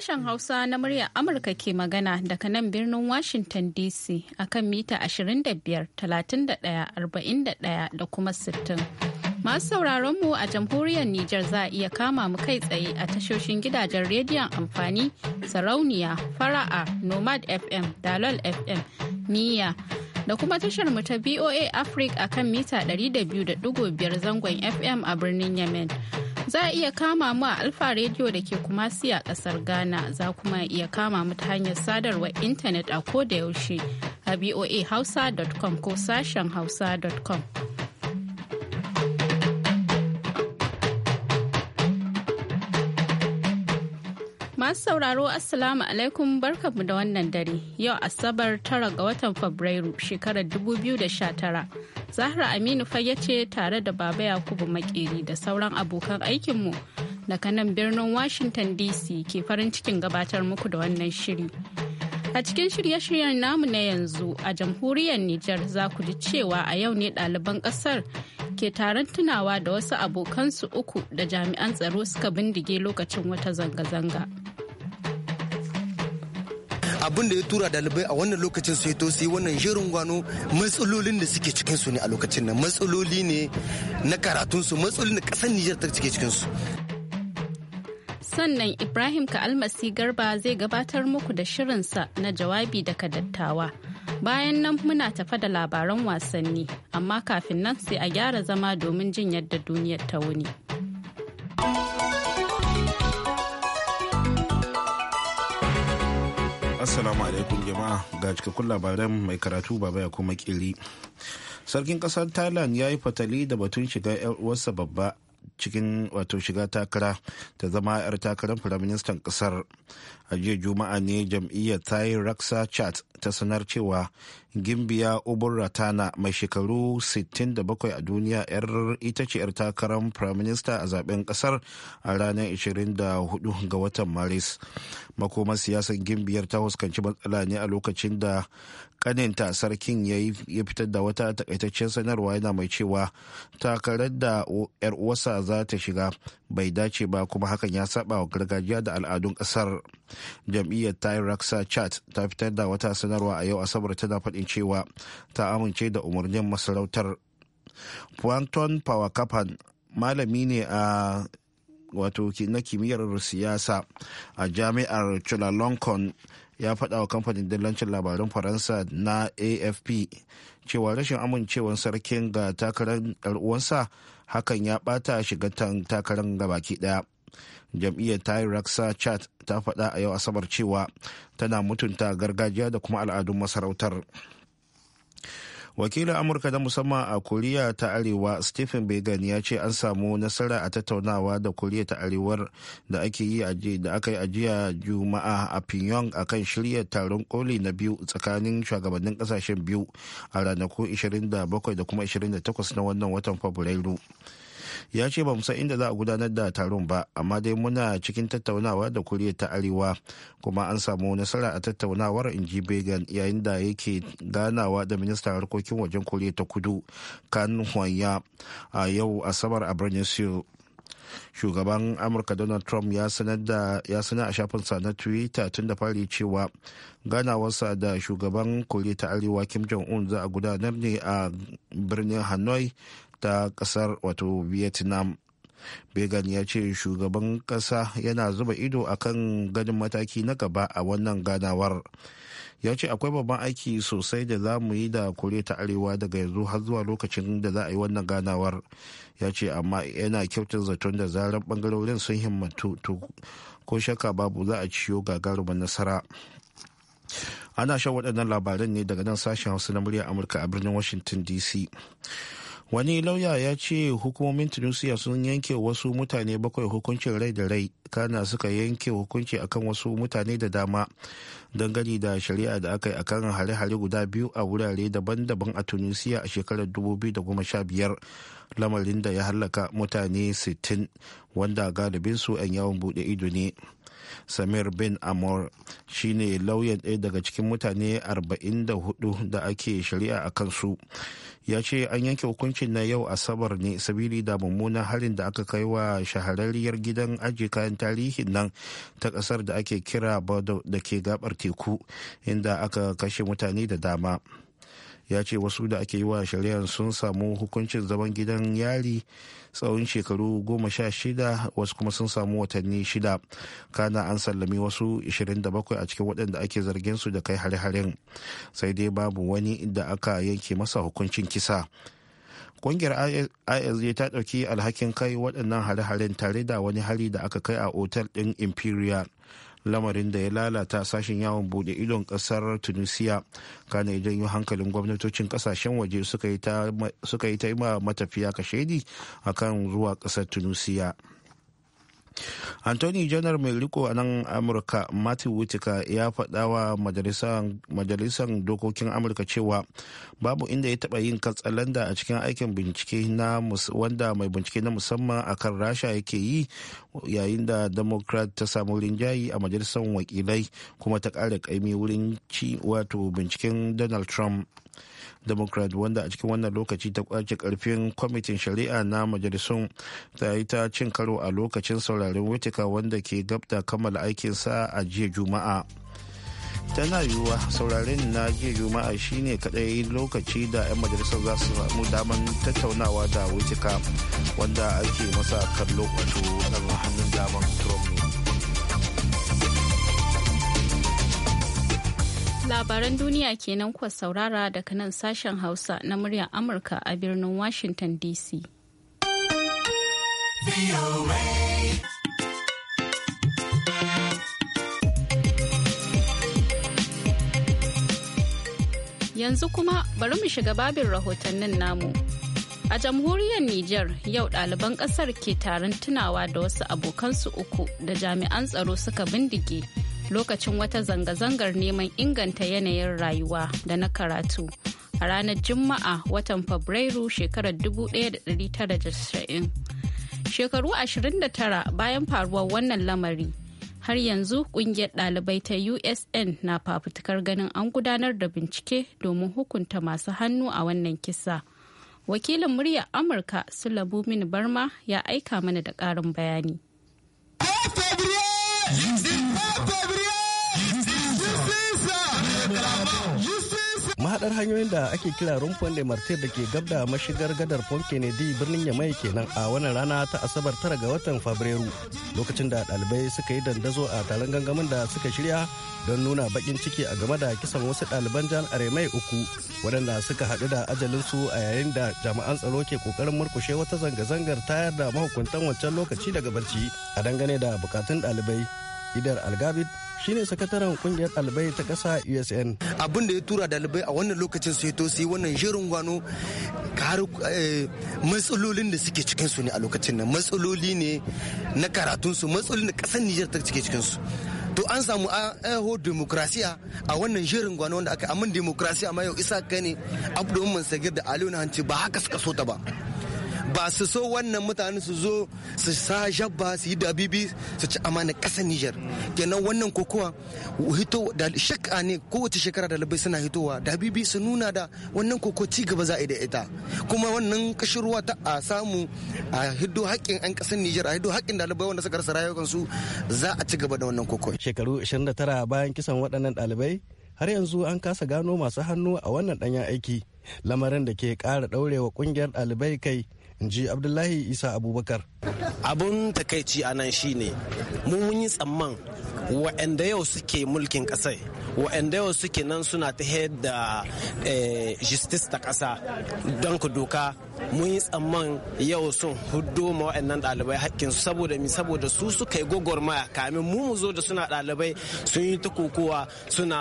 sashen Hausa na muryar Amurka ke magana daga nan birnin Washington DC akan mita 25, 31, 41 da kuma 60. Masu sauraron mu a jamhuriyar Nijar za a iya kama mu kai tsaye a tashoshin gidajen rediyon amfani sarauniya, fara'a, nomad FM, dalol FM, niyya. da kuma tashar mu ta BOA Africa akan mita 200.5 zangon FM a birnin Yemen. Za a iya kama mu a Alfa rediyo da ke Kumasi a kasar Ghana, za kuma iya kama mu ta hanyar sadarwar intanet a ko da yaushe a ko sashen hausa.com. Masu sauraro Assalamu alaikum barkanmu da wannan dare. Yau Asabar tara ga watan Fabrairu shekarar 2019. Zahra Aminu fage ce tare da Baba Yakubu Makeri da sauran abokan aikinmu daga nan birnin Washington DC ke farin cikin gabatar muku da wannan shiri. A cikin shirye-shiryen namu na yanzu a jamhuriyar Nijar za ku ji cewa a yau ne ɗaliban ƙasar ke taron tunawa da wasu abokansu uku da jami'an tsaro suka bindige lokacin wata zanga-zanga. abin da ya tura dalibai a wannan lokacin su to su yi wannan jerin gwano matsalolin da suke cikin su ne a lokacin nan matsaloli ne na karatun su matsalolin na kasar Nijar ta cike cikin su sannan Ibrahim Ka'almasi Garba zai gabatar muku da shirinsa na jawabi daga dattawa. Bayan nan muna tafa da labaran wasanni, amma kafin nan sai a gyara zama domin jin yadda duniyar ta wuni. Assalamu alaikum jama'a ga cikakkun labaran mai karatu baba ya kuma kiri. Sarkin kasar Thailand ya yi fatali da batun shiga 'yar uwarsa babba cikin wato shiga takara ta zama 'yar takarar firaministan kasar a jiya juma'a ne jam'iyyar thai raksa chat ta sanar cewa gimbiya obin ratana mai shekaru 67 a duniya yar ita ce yar takarar prime minister a zaben kasar a ranar 24 ga watan maris makomar siyasar gimbiyar ta huskanci matsala ne a lokacin da kaninta sarkin ya yi fitar da wata takaitaccen sanarwa yana mai cewa takarar da yar uwasa za ta shiga bai dace ba kuma hakan ya saba wa gargajiya da al'adun kasar jam'iyyar thai raksa chat ta fitar da wata sanarwa a yau asabar tana faɗin cewa ta amince da umarnin masarautar puanton pawakapan malami ne a wato na kimiyyar siyasa a jami'ar chulalongkorn ya faɗa wa kamfanin dillancin labarun faransa na afp cewa rashin amincewar sarkin ga takarar uwansa hakan ya bata shiga takarar baki daya jam'iyyar tayin raksa chat ta faɗa a yau asabar cewa tana mutunta gargajiya da kuma al'adun masarautar wakilin amurka na musamman a koriya ta arewa stephen began ya ce an samu nasara a tattaunawa da koriya ta arewar da ake yi da aka yi ajiya juma'a a pyongyang kan shirya taron koli na biyu tsakanin shugabannin kasashen biyu a ranaku 27 da kuma 28 na wannan watan fabrairu ya ce ba san inda za a gudanar da taron ba amma dai muna cikin tattaunawa da koriya ta arewa kuma an samu nasara a tattaunawar inji began yayin da yake ganawa da ministan harkokin wajen koriya ta kudu kan hwanya a yau asabar a birnin seoul shugaban amurka donald trump ya sanar a shafinsa na twitter tun da fari cewa ganawarsa da shugaban koriya ta arewa kim jong-un za a gudanar ne a birnin hanoi ta kasar wato vietnam began ya ce shugaban kasa yana zuba ido akan ganin mataki na gaba a wannan ganawar ya ce akwai babban aiki sosai da za mu yi da kore ta arewa daga yanzu har zuwa lokacin da za a yi wannan ganawar ya ce amma yana kyautar zaton da zarar bangarorin sun himmatu ko shaka babu za a ciyo gagarumin nasara ana shan waɗannan labaran ne daga nan sashen hausa na murya amurka a birnin washington dc wani lauya ya ce hukumomin tunisia sun yanke wasu mutane bakwai hukuncin rai da rai kana suka yanke hukunci akan wasu mutane da dama dangane da shari'a da aka yi akan hare-hare guda biyu a wurare daban-daban a tunisia a shekarar 2015 lamarin da ya hallaka mutane 60 wanda galibinsu 'yan yawon bude ido ne samir bin amor shine lauyan ɗaya daga cikin mutane 44 da ake shari'a a kansu ya ce an yanke hukuncin na yau asabar ne sabili da mummunan harin da aka kai wa shahararriyar gidan aji kayan tarihin nan ta kasar da ake kira bado da ke gabar teku inda aka kashe mutane da dama ya ce wasu da ake yi wa shari'ar sun samu hukuncin zaman gidan yari tsawon shekaru goma sha shida wasu kuma sun samu watanni shida kana an sallami wasu 27 a cikin waɗanda ake zargin su da kai hare-haren sai dai babu wani da aka yanke masa hukuncin kisa kungiyar isj ta ɗauki alhakin kai waɗannan hare-haren tare da wani hari da aka kai a otal ɗin imperial lamarin da ya lalata sashen yawon bude idon kasar tunisia kana idan yi hankalin gwamnatocin kasashen waje suka yi ta yi ma matafiya kashedi akan zuwa kasar tunisia anthony janar mai riko a nan amurka Martin whitaker ya faɗa wa majalisar dokokin amurka cewa babu inda ya taɓa yin katsalanda a cikin aikin bincike na wanda mai bincike na musamman akan rasha yake yi yayin da democrat ta samu rinjayi a majalisar wakilai kuma ta ƙara ƙaimi wurin ci wato binciken donald trump democrat wanda a cikin wannan lokaci ta kwace karfin kwamitin shari'a na majalisun ta yi ta cin karo a lokacin sauraren witika wanda ke gabta kammala aikinsa a jiya juma'a tana yiwuwa sauraren na jiya juma'a shine kadai lokaci da 'yan majalisar za su samu daman tattaunawa da witika wanda ake masa kallo wato hannun daman trump Labaran duniya kenan kuwa saurara daga nan sashen Hausa na muryar Amurka a birnin Washington DC. Yanzu kuma bari mu shiga babin rahotannin namu. A jamhuriyar Nijar yau ɗaliban ƙasar ke taron tunawa da wasu abokansu uku da jami'an tsaro suka bindige. lokacin wata zanga-zangar neman inganta yanayin rayuwa da na karatu a ranar Juma'a watan Fabrairu shekarar 1990. Shekaru 29 bayan faruwar wannan lamari. har yanzu kungiyar ɗalibai ta usn na fafutukar ganin an gudanar da bincike domin hukunta masu hannu a wannan kisa wakilin Murya amurka sulabu mini barma ya aika mana da ƙarin bayani Zimbabwe hadar hanyoyin da ake kira rumfon de martir da ke gabda mashigar gadar pont birnin yamai kenan a wannan rana ta asabar tara ga watan fabrairu lokacin da dalibai suka yi dandazo a taron gangamin da suka shirya don nuna bakin ciki a game da kisan wasu ɗaliban jan aremai uku waɗanda suka haɗu da ajalinsu a yayin da jami'an tsaro ke kokarin murkushe wata zanga-zangar tayar da mahukuntan wancan lokaci daga barci a dangane da bukatun ɗalibai idar algabit shine sakataren kungiyar ɗalibai ta ƙasa usn abin da ya tura dalibai a wannan lokacin su to su yi wannan jerin gwano eh, matsalolin da suke cikin su ne a lokacin nan matsaloli ne na karatunsu matsalolin da kasar niger ta cike cikin su to an samu a ah, aho demokrasiya a wannan jerin gwano wanda aka amin demokrasiya ma yau isa kai ne abdu umman sagir da aliyu na hanci ba haka suka so ta ba ba su so wannan mutane su zo su sa jabba su yi dabibi su ci amana kasa Nijar kenan wannan kokowa hito da shakka ne kowace shekara da labai suna hitowa dabibi su nuna da wannan koko ci gaba za a da ita kuma wannan kashirwa ta a samu a hiddo haƙƙin an ƙasar Nijar a hiddo haƙƙin dalibai wanda suka rasa rayukansu za a ci gaba da wannan koko. Shekaru 29 bayan kisan waɗannan ɗalibai har yanzu an kasa gano masu hannu a wannan ɗanyen aiki lamarin da ke ƙara ɗaurewa ƙungiyar ɗalibai kai in ji abdullahi isa abubakar abun takaici a nan shine ne mun yi tsamman wa'anda yau suke mulkin kasai wa'anda yau suke nan suna ta da eh, justice ta kasa don ku doka mun yi tsamman yau sun hudu ma wa'annan ɗalibai hakkinsu saboda mi saboda su suka yi gwagwarmaya kamin mu mu zo da suna ɗalibai sun yi ta kokowa suna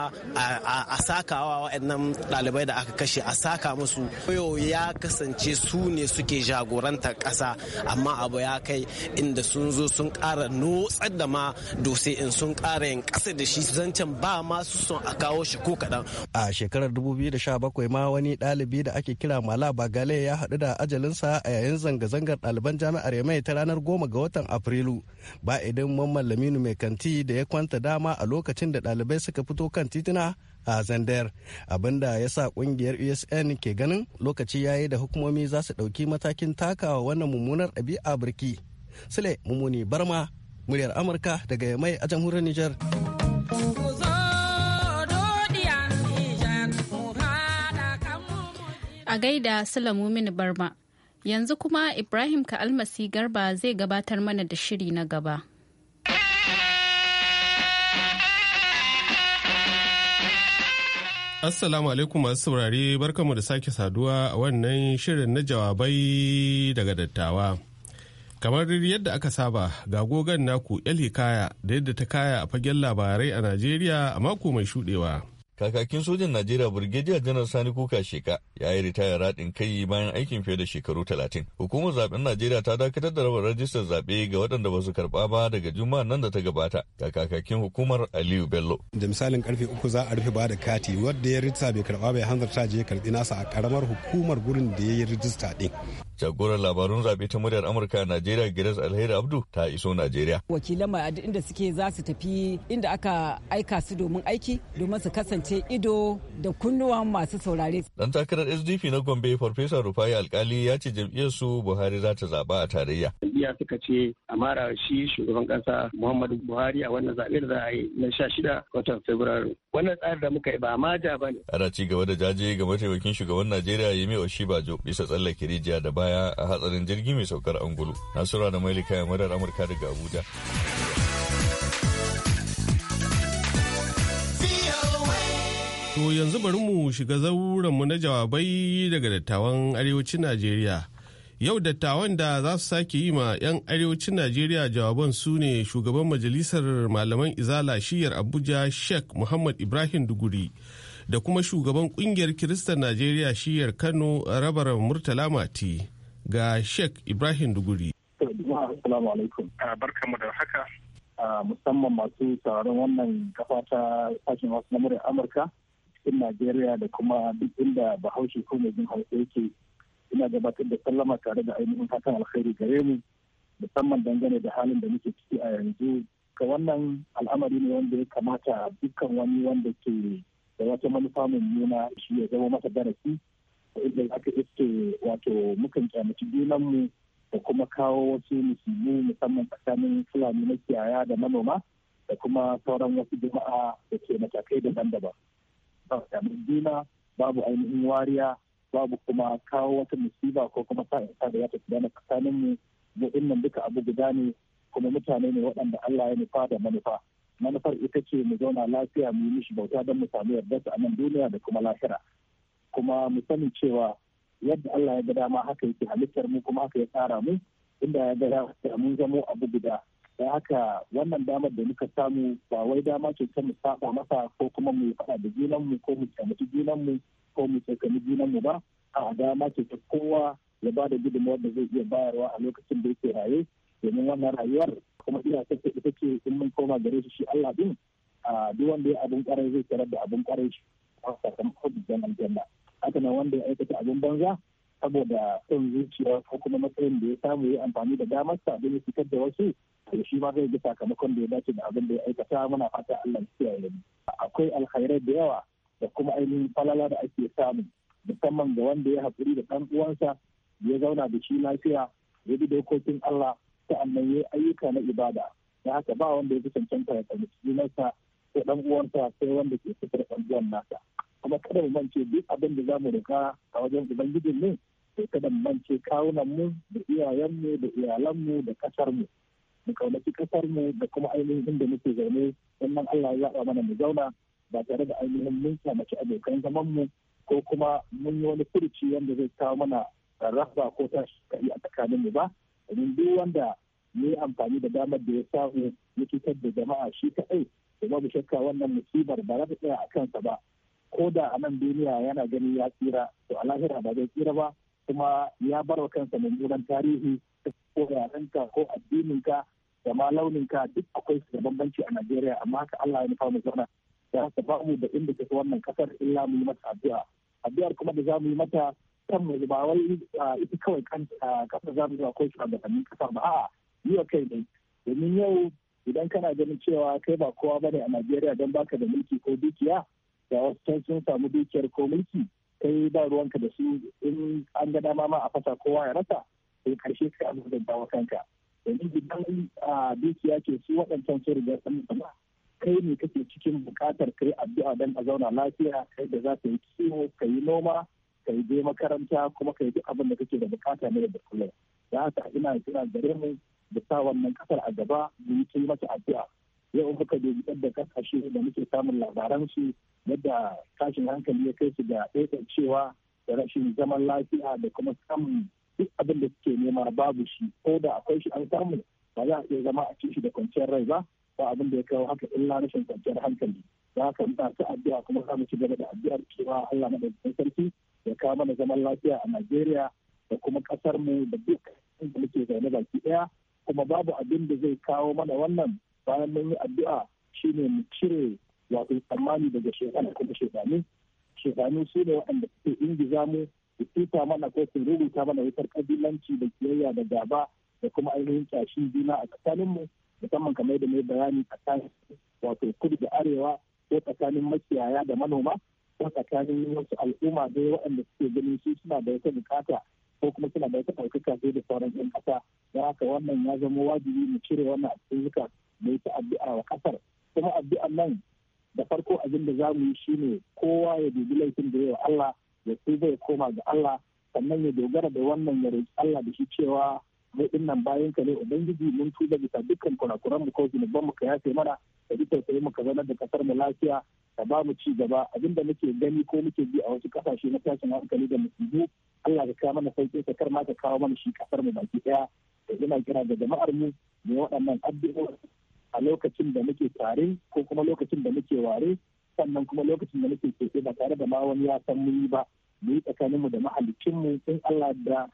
a sakawa wa'annan ɗalibai da aka kashe a saka musu yau ya kasance su ne suke jago jagorantar ƙasa amma abu ya kai inda sun zo sun ƙara notsar da ma dose in sun kara yin ƙasa da shi zancen ba ma su son a kawo shi ko kaɗan. A shekarar 2017 ma wani ɗalibi da ake kira Mala Bagale ya haɗu da ajalinsa a yayin zanga-zangar ɗaliban jami'ar Yamai ta ranar goma ga watan Afrilu. Ba idan Mamman Laminu mai kanti da ya kwanta dama a lokacin da ɗalibai suka fito kan tituna a zandar abinda ya sa kungiyar usn ke ganin lokaci ya yi da hukumomi za su ɗauki matakin takawa wannan mummunar ɗabi'a birki sule mummuni barma muryar amurka daga yamai a jamhuriyar niger a gaida sule mumini barma yanzu kuma ibrahim ka almasi garba zai gabatar mana da shiri na gaba Assalamu alaikum masu saurare barkanmu da sake saduwa a wannan shirin na jawabai daga dattawa. Kamar yadda aka saba ga gogon naku 'yan hikaya da yadda ta kaya a fagen labarai a Najeriya a mako mai shudewa. Kakakin sojin Najeriya Burgediya Janar Sani Kuka Sheka ya yi ritaya raɗin kai bayan aikin fiye da shekaru talatin. Hukumar zaben Najeriya ta dakatar da raba rajistar zaɓe ga waɗanda ba su karɓa ba daga juma'a nan da ta gabata ga kakakin hukumar Aliyu Bello. Da misalin karfe uku za a rufe ba da kati wadda ya rita bai karɓa bai hanzarta je karɓi nasa a karamar hukumar gurin da ya yi rajista ɗin. Jagorar labarun zaɓe ta muryar Amurka a Najeriya Giras Alheri Abdu ta iso Najeriya. Wakilan ma inda suke za su tafi inda aka aika su domin aiki domin su kasance kwance ido da kunnuwan masu saurare. Dan takarar SDP na Gombe Farfesa Rufai Alkali ya ce jam'iyyar su Buhari za ta zaba a tarayya. Jam'iyya suka ce a mara shi shugaban kasa Muhammadu Buhari a wannan zaɓe da za a yi na sha shida watan Fabrairu. Wannan tsarin da muka yi ba ma ba ne. Ana ci gaba da jaje ga mataimakin shugaban Najeriya Yemi Oshibajo bisa tsallake rijiya da baya a hatsarin jirgi mai saukar angulu. Nasura da kayan madar Amurka daga Abuja. yanzu bari mu shiga zauranmu na jawabai daga dattawan arewacin Najeriya. Yau dattawan da za su sake yi ma 'yan arewacin Najeriya jawaban su ne shugaban majalisar malaman izala shiyar Abuja Sheikh Muhammad Ibrahim Duguri da kuma shugaban kungiyar Kiristan Najeriya shiyar Kano rabar Murtala Mati ga Sheikh Ibrahim Duguri. Ah, Barkamu da haka ah, musamman masu taron wannan kafa ta sashen wasu na Amurka. cikin Najeriya da kuma duk inda Bahaushe ko mai jin Hausa yake ina gabatar da sallama tare da ainihin fatan alkhairi gare mu musamman dangane da halin da muke ciki a yanzu ka wannan al'amari ne wanda ya kamata dukkan wani wanda ke da wata manufa nuna shi ya zama masa darasi inda aka iske wato mukan kyamaci mu da kuma kawo wasu musulmi musamman tsakanin fulani na kiyaya da manoma da kuma sauran wasu jama'a da ke matakai daban-daban tsakanin juna babu ainihin wariya babu kuma kawo wata musiba ko kuma sa da ya tafi dana tsakanin mu mu nan duka abu guda ne kuma mutane ne waɗanda Allah ya nufa da manufa manufar ita ce mu zauna lafiya mu yi mishi bauta don mu samu yarda a nan duniya da kuma lahira kuma mu sani cewa yadda Allah ya ga dama haka yake halittar mu kuma haka ya tsara mu inda ya ga mun zamo abu guda don haka wannan damar da muka samu ba wai dama ce ta mu saba masa ko kuma mu fada da mu ko mu kyamata mu ko mu tsakani mu ba a dama ce ta kowa ya ba da gudunmawar da zai iya bayarwa a lokacin da yake raye domin wannan rayuwar kuma ina ta ita ce in mun koma gare shi shi Allah din a duk wanda ya abin kwarai zai tarar da abun karai shi a sakamakon bijan aljanna haka nan wanda ya aikata abin banza saboda son zuciya ko kuma matsayin da ya samu ya amfani da damar sa don ya fitar da wasu to shi ma zai ga sakamakon da ya dace da abin da ya aikata muna fata Allah ya kiyaye mu akwai alkhairai da yawa da kuma ainihin falala da ake samu musamman ga wanda ya haƙuri da ɗan uwansa ya zauna da shi lafiya ya bi dokokin Allah sa'annan ya yi ayyuka na ibada da haka ba wanda ya fi cancanta ya tsarki nasa ko ɗan uwansa sai wanda ke fitar ɗan uwan nasa kuma kada mu mance duk abin da za mu rika a wajen ubangijin ne sai kada mu mance kawunan mu da iyayenmu da iyalanmu da ƙasarmu mu mu kaunaci kasar mu da kuma ainihin da muke zaune sannan Allah ya zaɓa mana mu zauna ba tare da ainihin mun samaci abokan zaman mu ko kuma mun yi wani furuci wanda zai kawo mana raba ko tashi a tsakanin mu ba domin duk wanda ya amfani da damar da ya samu ya cutar da jama'a shi kaɗai da mu shakka wannan musibar ba za ta tsaya a kansa ba ko da a nan duniya yana gani ya tsira to a lahira ba zai tsira ba kuma ya bar wa kansa mummunan tarihi ko yarenka ko addininka da ma launinka duk akwai su da bambanci a Najeriya amma haka Allah ya nufa mu zauna ya haka ba mu da inda take wannan kasar illa mu yi mata addu'a addu'ar kuma da za mu yi mata kan mu ba wai ita kawai kan kasar za mu su da kanin kasar ba a'a yi wa kai ne domin yau idan kana ganin cewa kai ba kowa bane a Najeriya don baka da mulki ko dukiya da wasu sun samu dukiyar ko mulki kai ba ruwanka da su in an ga dama ma a fasa kowa ya rasa sai karshe ka abu da dawa kanka domin idan dukiya ke su waɗancan sun riga sun zama kai ne kake cikin buƙatar kai addu'a dan a zauna lafiya kai da za ka yi kiwo ka yi noma ka yi je makaranta kuma ka yi duk abin da kake da buƙata na da kullum da haka ina kira gare mu da sa wannan ƙasar a gaba mu yi mata addu'a yau muka dubi da kasashe da muke samun labaransu yadda tashin hankali ya kai su da cewa da rashin zaman lafiya da kuma samun duk abin da suke nema babu shi ko da akwai shi an samu ba za a iya zama a ci shi da kwanciyar rai ba ba abin da ya kawo haka illa rashin kwanciyar hankali za ka muna ta addu'a kuma za mu ci gaba da addu'ar cewa Allah madaukakin sarki ya kawo mana zaman lafiya a Najeriya da kuma kasar mu da duk da muke zaune baki ɗaya kuma babu abin da zai kawo mana wannan bayan mun yi addu'a ne mu cire wato tsammani daga shekara kuma shekaru shekaru su ne waɗanda suke ingiza mu su tuta mana ko su rubuta mana wutar kabilanci da kiyayya da gaba da kuma ainihin kyashin juna a tsakaninmu musamman kamar da mai bayani tsakanin wato kudu da arewa ko tsakanin makiyaya da manoma ko tsakanin wasu al'umma dai waɗanda suke ganin su suna da wata bukata ko kuma suna da wata ɗaukaka sai da sauran ƴan ƙasa don haka wannan ya zama wajibi mu cire wannan a cikin yi ta addu'a wa kasar kuma addu'an nan da farko abin da za mu yi shine kowa ya dubi laifin da yawa Allah ya tuba ya koma ga Allah sannan ya dogara da wannan ya roki Allah da shi cewa mai din nan bayan ka ne ubangiji mun tuba bisa dukkan kurakuran mu ko zunuban mu ka yafe mana ka duk tausayi mu ka zanar da kasar mu lafiya ka ba mu ci gaba abin da muke gani ko muke bi a wasu kasashe na tashin hankali da musulmi Allah ka kawo mana sauƙi ka kar ma ka kawo mana shi kasar mu baki ɗaya da ina kira ga jama'ar mu ne waɗannan addu'o'i a lokacin da muke tare ko kuma lokacin da muke ware sannan kuma lokacin da muke keke ba tare da ma wani ya san mu ba mu yi tsakaninmu da mahalicinmu in Allah da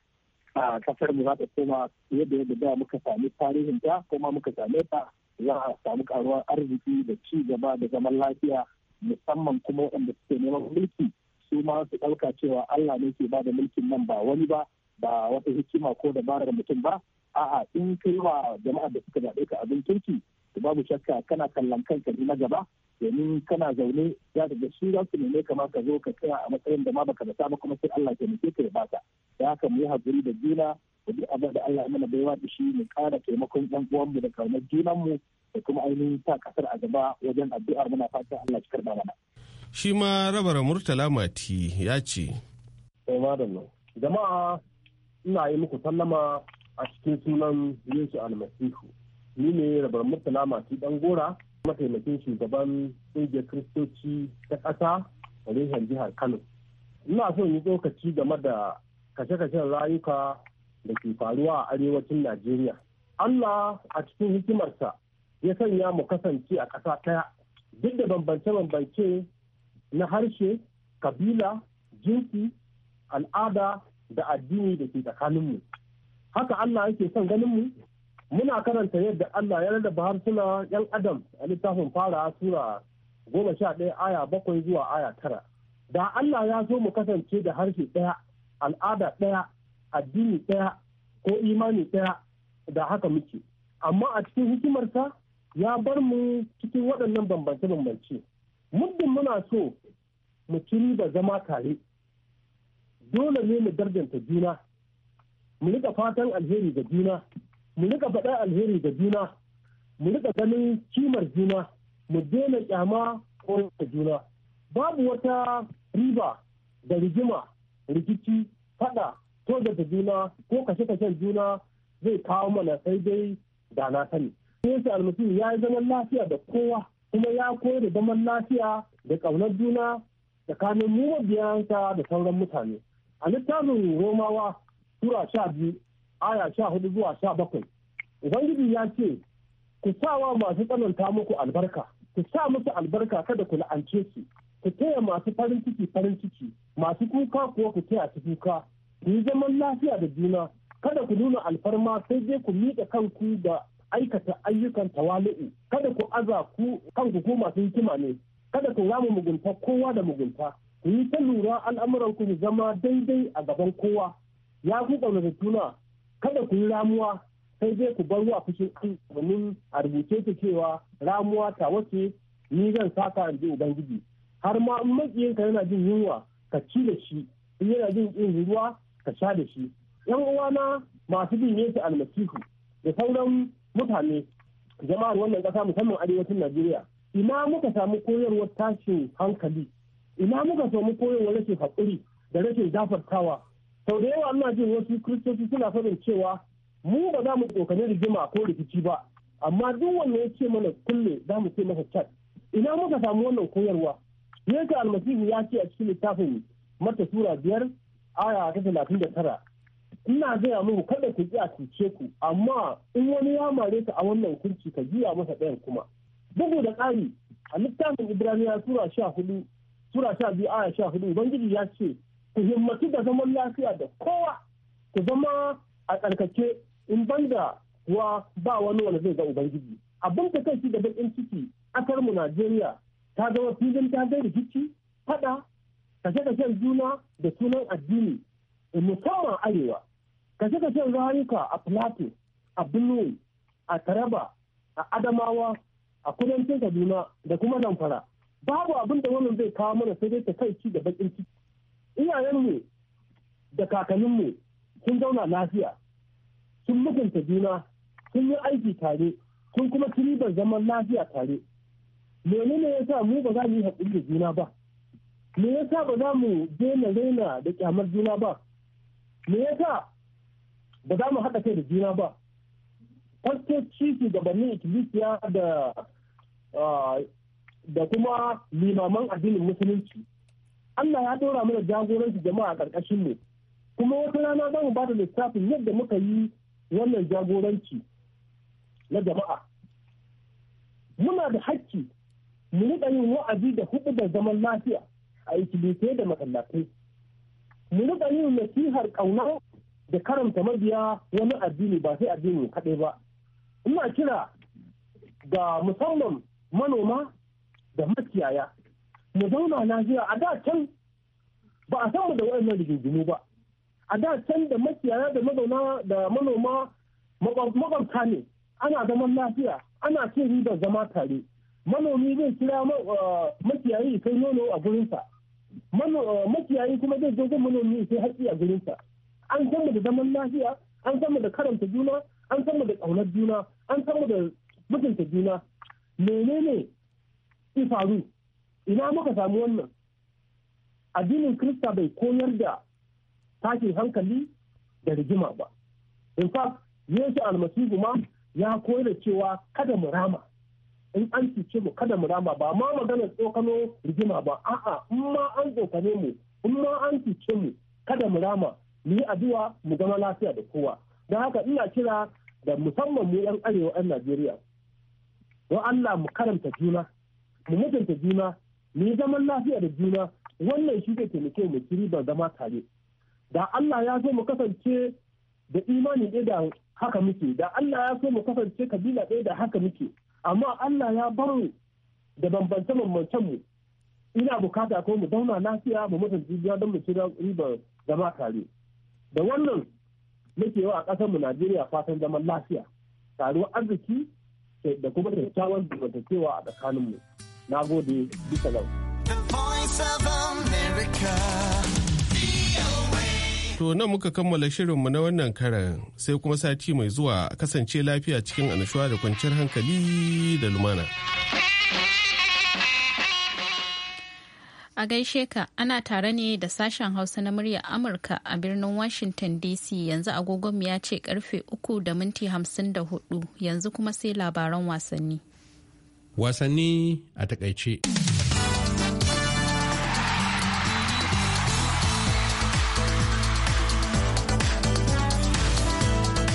a kasar mu za ta koma yadda yadda da muka sami tarihin ta kuma muka same ta za a samu karuwar arziki da ci gaba da zaman lafiya musamman kuma waɗanda suke neman mulki su ma su ɗauka cewa Allah ne ke ba da mulkin nan ba wani ba ba wata hikima ko dabarar mutum ba a'a in kai wa jama'a da suka zaɓe ka abin kirki babu shakka kana kallon kanka na gaba domin kana zaune za ka ga su za su nemi kamar ka zo ka tsaya a matsayin da ma baka da ba kuma sai Allah ke nake ka ya baka da haka mu yi hakuri da juna da duk abin da Allah ya mana baiwa da shi mu kara taimakon ɗan uwanmu da kaunar junanmu da kuma ainihin sa kasar a gaba wajen addu'ar muna fatan Allah ya karɓa mana. Shi ma rabara Murtala Mati ya ce. Eh, Jama'a ina yi muku sallama a cikin sunan Yesu Almasihu. ni ne rabar murtala masu dan gora mataimakin shugaban ƙungiyar kiristoci ta ƙasa a reshen jihar kano ina son yi tsokaci game da kashe-kashen rayuka da ke faruwa a arewacin najeriya allah a cikin hikimarsa ya sanya mu kasance a ƙasa ɗaya duk da bambance-bambance na harshe kabila jinsi al'ada da addini da ke tsakaninmu haka allah yake son ganinmu muna karanta yadda Allah ya rarraba harsuna yan adam a littafin fara sura goma sha ɗaya aya bakwai zuwa aya tara da Allah ya so mu kasance da harshe ɗaya al'ada ɗaya addini ɗaya ko imani ɗaya da haka muke amma a cikin hikimarsa ya bar mu cikin waɗannan bambance-bambance muddin muna so mu ci da zama tare dole ne mu darjanta juna mu riƙa fatan alheri ga juna mu rika faɗa alheri da juna mu rika ganin kimar juna mu daina kyama ko da juna babu wata riba da rigima rikici faɗa ko da juna ko kashe kashen juna zai kawo mana sai dai da na sani yesu almasihu ya yi zaman lafiya da kowa kuma ya koyar da zaman lafiya da ƙaunar juna tsakanin mu mabiyansa da sauran mutane a littafin romawa tura sha biyu aya sha hudu zuwa sha bakwai ubangiji ya ce ku sa wa masu tsananta muku albarka ku sa musu albarka kada ku la'ance su ku taya masu farin ciki farin ciki masu kuka kuwa ku taya su kuka ku yi zaman lafiya da juna kada ku nuna alfarma sai dai ku miƙa kanku da aikata ayyukan tawali'u kada ku aza ku kanku ko masu hikima ne kada ku rama mugunta kowa da mugunta ku yi ta lura al'amuran ku zama daidai a gaban kowa ya ku ƙaunar juna kada ku yi ramuwa sai dai ku bar ruwa fushin domin a rubuce ta cewa ramuwa ta wace ni zan saka in ji ubangiji har ma in makiyinka yana jin yunwa ka ci da shi in yana jin in ruwa ka sha da shi yan uwana masu bin yesu almasihu da sauran mutane jama'ar wannan ƙasa musamman arewacin najeriya ina muka samu koyarwar tashin hankali ina muka samu koyarwar rashin haƙuri da rashin zafartawa sau da yawa ina jin wasu kiristoci suna sanin cewa mu ba za mu tsokani rigima ko rikici ba amma duk wanda ya ce mana kulle za mu ce masa cat ina muka samu wannan koyarwa yesu almasihu ya ce a cikin littafin mata sura biyar aya ta talatin da tara ina gaya muku kada ku ji a cuce ku amma in wani ya mare ka a wannan kunci ka juya masa ɗayan kuma bugu da ƙari a littafin ya sura sha hudu sura sha biyu aya sha hudu ubangiji ya ce ku himmatu da zaman lafiya da kowa ku zama a tsarkake in ban da wa ba wani wani zai ga ubangiji abin da kai da bakin ciki ƙasarmu mu Najeriya ta zama filin ta zai rikici fada kashe kashen juna da sunan addini musamman arewa kashe kashen rayuka a plateau a benue a taraba a adamawa a kudancin kaduna da kuma zamfara babu abin da wannan zai kawo mana sai dai ta kai ci da bakin ciki iyayenmu da kakanninmu sun zauna lafiya sun mutunta juna sun yi aiki tare sun kuma ribar zaman lafiya tare menene ya sa mu ba za mu yi haƙuri da juna ba me ya sa ba za mu daina raina da kyamar juna ba me ya sa ba za mu haɗa kai da juna ba fastoci shugabannin ikilisiya da ah, da kuma limaman addinin musulunci Allah ya ɗora mana jagoranci jama'a ƙarƙashin mu kuma wata rana za mu ba da lissafin yadda muka yi wannan jagoranci na jama'a muna da hakki mu riƙa yin wa'azi da hudu da zaman lafiya a ikilite da masallatai mu riƙa yin nasihar ƙauna da karanta mabiya wani addini ba sai addini kaɗai ba ina kira ga musamman manoma da makiyaya mu zauna lafiya a da can ba a samu da wayannan rigingimu ba a da can da makiyaya da mazauna da manoma makwabta ne ana zaman lafiya ana cin ribar zama tare manomi zai kira uh, makiyayi kai nono a gurinsa uh, makiyayi kuma zai zo manomi sai haƙƙi a gurinsa an san mu da zaman lafiya an san mu da karanta juna an san mu da ƙaunar juna an san mu da mutunta juna menene ifaru ina muka samu wannan addinin krista bai koyar da tashin hankali da rigima ba in fact yesu almasihu ma ya koyar da cewa kada mu rama in an cuce mu kada mu rama ba ma magana tsokano rigima ba a'a in ma an tsokane mu in ma an cuce mu kada mu rama mu yi addu'a mu zama lafiya da kowa don haka ina kira da musamman mu yan arewa yan najeriya don allah mu karanta juna mu mutunta juna ni zaman lafiya da juna wannan shi ke taimake mu ci ribar zama tare da Allah ya so mu kasance da imani ɗaya da haka muke da Allah ya so mu kasance kabila ɗaya da haka muke amma Allah ya bar da bambance bambancen mu ina bukata ko mu dauna lafiya mu mutum juna don mu ci ribar zama tare da wannan muke wa a mu Najeriya fatan zaman lafiya taruwar arziki da kuma kyakkyawan zamantakewa a tsakaninmu. na gode bisa lau To nan muka kammala shirinmu na wannan karan sai kuma sati mai zuwa kasance lafiya cikin annashuwa da kwanciyar hankali da lumana. A gaishe ka ana tare ne da sashen Hausa na muryar Amurka a birnin Washington DC yanzu agogonmu ya ce karfe uku da minti hamsin da hudu yanzu kuma sai labaran wasanni. wasanni a takaice.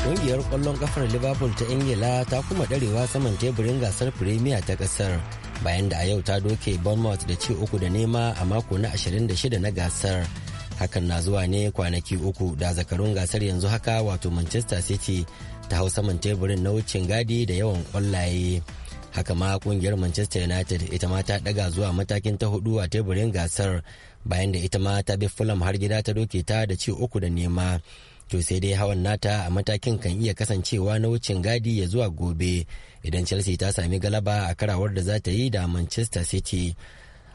Ƙungiyar ƙwallon ƙafar Liverpool ta Ingila ta kuma ɗarewa saman teburin gasar Premier ta ƙasar bayan da a yau ta doke Bournemouth da ci uku da nema a mako na 26 na gasar. Hakan na zuwa ne kwanaki uku da zakarun gasar yanzu haka wato Manchester City ta hau saman teburin na wucin gadi da yawan ƙwallaye. haka ma kungiyar manchester united ita ma ta daga zuwa matakin ta hudu a teburin gasar bayan da ita ma ta bi fulham har gida ta doke ta da ci uku da nema to sai dai hawan nata a matakin kan iya kasancewa na wucin gadi ya zuwa gobe idan chelsea ta sami galaba a karawar da za ta yi da manchester city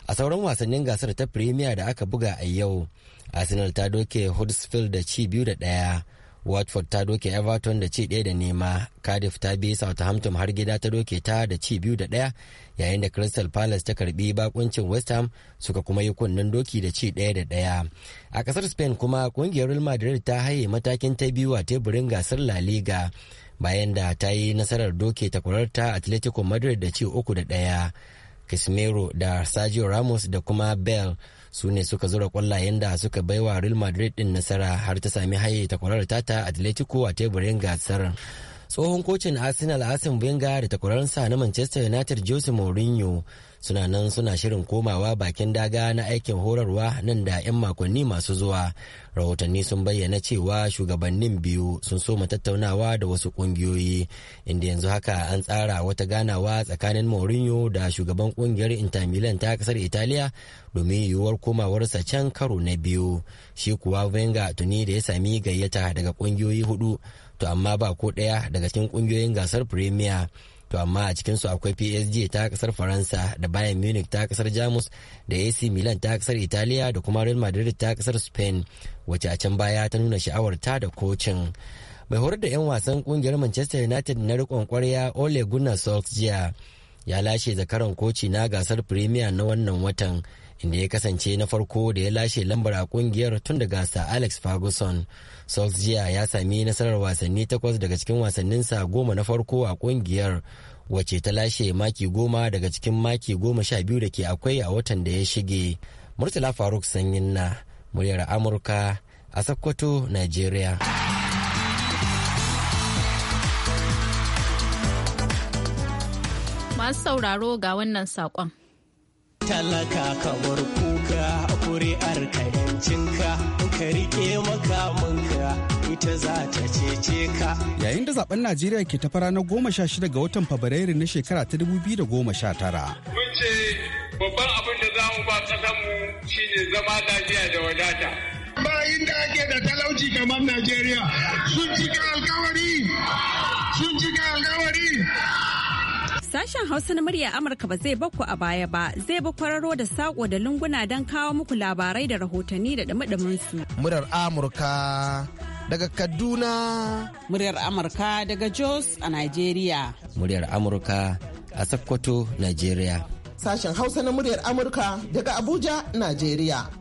a sauran wasannin gasar ta premier da aka buga a yau arsenal ta doke huddersfield da ci biyu da daya watford ta doke everton da ci ɗaya da nema cardiff ta bi southampton har gida ta doke ta da ci biyu da ɗaya yayin da crystal palace ta karbi bakuncin west ham suka kuma yi kunnen doki da ci ɗaya da ɗaya a ƙasar spain kuma ƙungiyar real madrid ta haye matakin ta biyu a teburin gasar la liga bayan da ta yi nasarar doke ta atletico madrid da ci uku da ɗaya casemiro da sergio ramos da kuma bell su ne suka zura kwallayen da suka baiwa real madrid din nasara har ta sami haye takwarar tata atletico a teburin gasar tsohon kocin arsenal asin venga da takwararsa na manchester united jose mourinho suna nan suna shirin komawa bakin daga na aikin horarwa nan da 'yan makonni masu zuwa rahotanni sun bayyana cewa shugabannin biyu sun soma tattaunawa da wasu kungiyoyi inda yanzu haka an tsara wata ganawa tsakanin mourinho da shugaban kungiyar inter milan ta kasar italiya domin yiwuwar komawarsa can karo na biyu shi kuwa venga tuni da ya sami gayyata daga kungiyoyi hudu to amma ba ko ɗaya daga cikin ƙungiyoyin gasar premier to amma a cikinsu akwai psg ta kasar faransa da bayan munich ta kasar jamus da ac milan ta kasar italiya da kuma real madrid ta kasar spain wacce a can baya ta nuna sha'awar ta da kocin mai horar da 'yan wasan kungiyar manchester united na rikon kwarya ole gunnar solskjaer ya lashe zakaran koci na gasar premier na wannan watan inda ya kasance na farko da ya lashe lambar a kungiyar tun daga sa alex ferguson solskjaer ya sami nasarar wasanni takwas daga cikin wasanninsa goma na farko a kungiyar wacce ta lashe maki goma daga cikin maki goma sha biyu da ke akwai a watan da ya shige murtala faruk sanyin na muryar amurka a sokoto nigeria masu sauraro ga wannan saƙon talaka ka bar kuka kuri'ar in ka rike makamanka ita za ta cece ka yayin da zaben najeriya ke tafara na goma sha shida ga watan fabrairu na shekara ta dubu biyu da goma sha tara mun ce babban abin da za mu ba kasanmu shine zama lafiya da wadata bayin da ake da talauci kamar najeriya sun cika alkawari Sashen Hausa na murya Amurka ba zai bakku a baya ba, zai ba kwararo da sako da lunguna don kawo muku labarai da rahotanni da dumi su. Muryar Amurka daga Kaduna. Muryar Amurka daga Jos a Najeriya. Muryar Amurka a Sokoto, Najeriya. Sashen Hausa na muryar Amurka daga Abuja, Najeriya.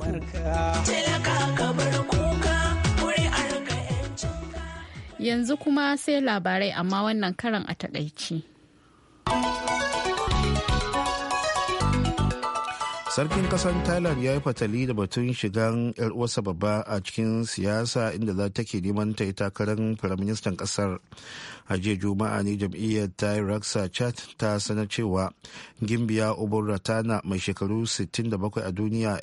ku. Yanzu kuma sai labarai amma wannan karan a taɗaici. sarkin kasar thailand ya yi fatali da batun shigan uwarsa babba a cikin siyasa inda za ta ke neman ta yi takarar firaministan kasar a jiya juma'a ne jam'iyyar raksa chat ta sanar cewa gimbiya ubun ratana mai shekaru 67 a duniya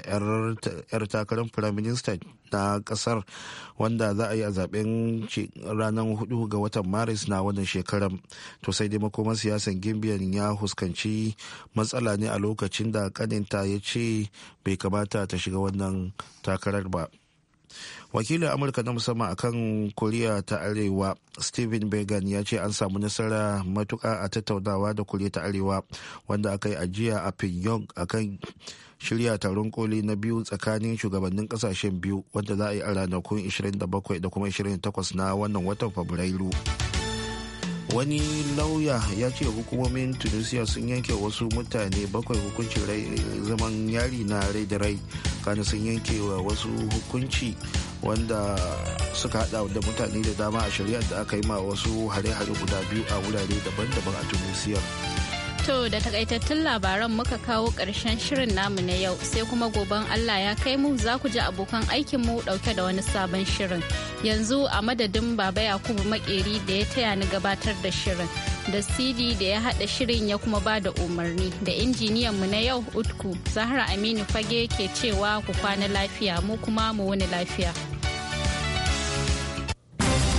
'yar takarar firaminista na kasar wanda za a yi a zaben ranar 4 ga watan maris na wannan shekarar to sai dai makoman siyasan gimbiyan ya huskanci matsala ne a lokacin da kaninta ya ce bai kamata ta shiga wannan takarar ba wakilin amurka na musamman akan koriya ta arewa steven began ya ce an samu nasara matuka a tattaunawa da koriya ta arewa wanda aka yi ajiya a pyongyang akan shirya taron koli na biyu tsakanin shugabannin kasashen biyu wanda za a yi a ranakun 27 da kuma 28 na wannan watan fabrairu. wani lauya ya ce hukumomin tunisia sun yanke wasu mutane bakwai hukuncin zaman yari na rai da rai kana sun yanke wa wasu hukunci wanda suka hada da mutane da dama a shari'ar da aka yi ma wasu hare-hare guda biyu a wurare daban-daban a tunisia To da takaitattun labaran muka kawo ƙarshen shirin namu na yau sai kuma goben Allah ya kai mu za ku ji abokan aikinmu ɗauke da wani sabon shirin. Yanzu a madadin Baba Yakubu Makeri da ya taya ni gabatar da shirin. Da CD da ya haɗa shirin ya kuma ba da umarni da injiniyan mu na yau Utku Zahra Aminu Fage ke cewa ku kwana lafiya mu kuma mu wani lafiya.